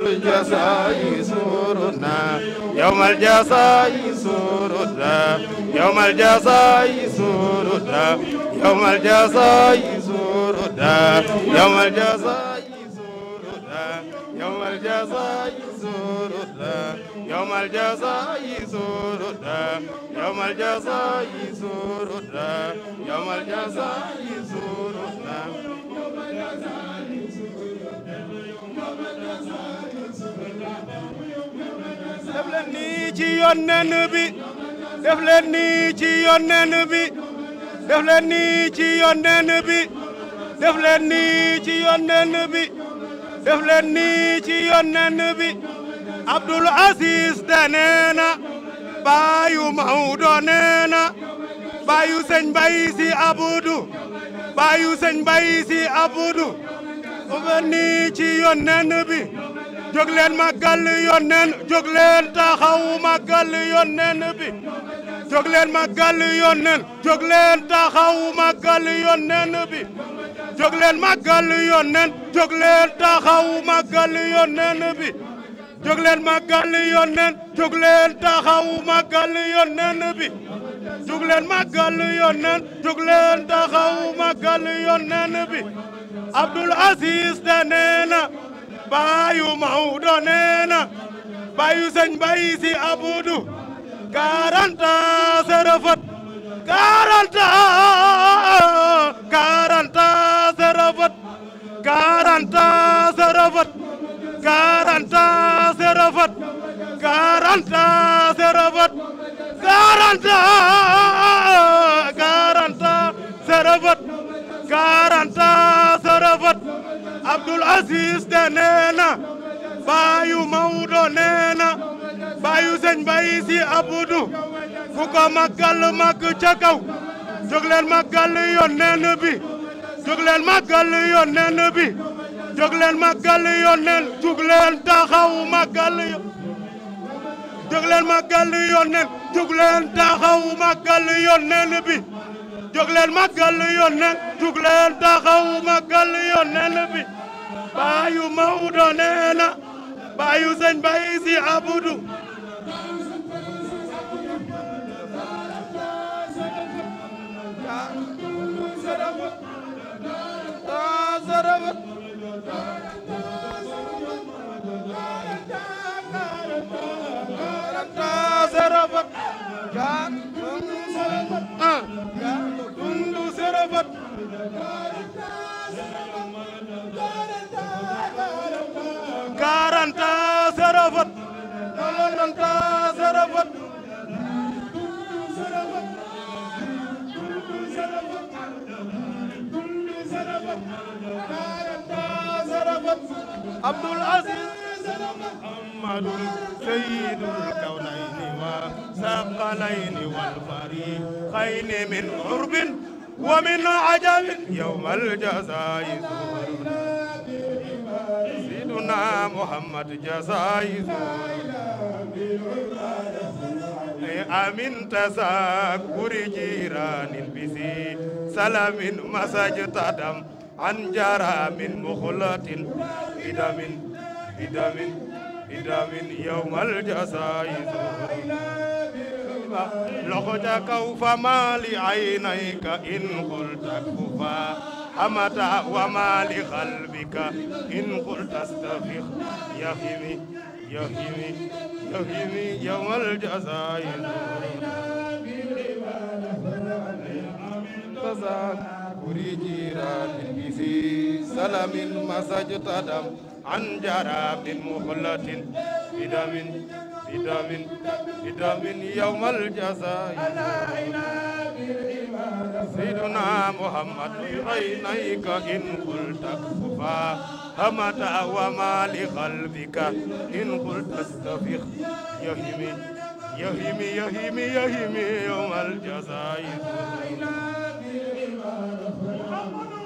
الجزاء سرنا يوم الجزاء سرنا يوم الجزاء سرنا يوم الجزاء سرنا يوم الجزاء سرنا يوم الجزاء سرنا يوم الجزاء سرنا يوم الجزاء سرنا يوم الجزاء سرنا nii ci yónneen bi def leen nii ci yónneen bi def leen nii ci yónneen bi def leen nii ci yónneen bi def leen nii ci yónneen bi Abdul Aziz de nee na baayu Maodo nee na baayu sëñ Baye si Abdou baayu sëñ Baye si Abdou ku mel ni ci yónneen bi jóg leen màggal yónneen jóg leen taxaw màggal yónneen bi jóg leen màggal yónneen jóg leen taxaw màggal yónneen bi jóg leen màggal yónneen jóg leen taxaw màggal yónneen bi jóg leen màggal yónneen jóg leen taxaw màggal yónneen bi jug leen màggal yónneen jug leen taxaw màggal yónneen bi Abdul Aziz de nee baayu Maodo nee na baayu sëñ bay si abudu 40 ans c'est rafet 40 ans 40 ans quarante quarante sera vote quarante sera vote Abdoul Aziz de nee na baayu Maodo nee na baayu sëñ Baye Si Abdou fu ko màggal màgg ca kaw jóg leen màggal bi jóg leen màggal yónneen bi jóg leen màggal taxaw màggal jóg jug leen taxaw màggal yónneen bi jug leen màggal yónneen jug leen taxaw màggal yónneen bi baayu Maodo nee na baayu sëñ Baye Si Abdou quarante zéro vote quarante zéro vote Abdul Aziz محمد سيد الكونين وثقلين والفريقين من قرب ومن عجب يوم الجزاء سيدنا محمد جزاء أمن تذكر جيران بزي سلام مساج تدم عن جرى من مخلط بدم بدم بدم يوم الجزاء لغت كوفما لعينيك إن قلت كفا حمتا وما لقلبك إن قلت استفخ يهمي يهمي يهمي يوم الجزاء كري جيران بزي سلام مسجد دم عن جراب مخلة بدم بدم بدم يوم الجزاء سيدنا محمد عينيك إن قلت كفا همت وما لقلبك إن قلت استفق يهمي يهمي يهمي يهمي يوم الجزاء محمد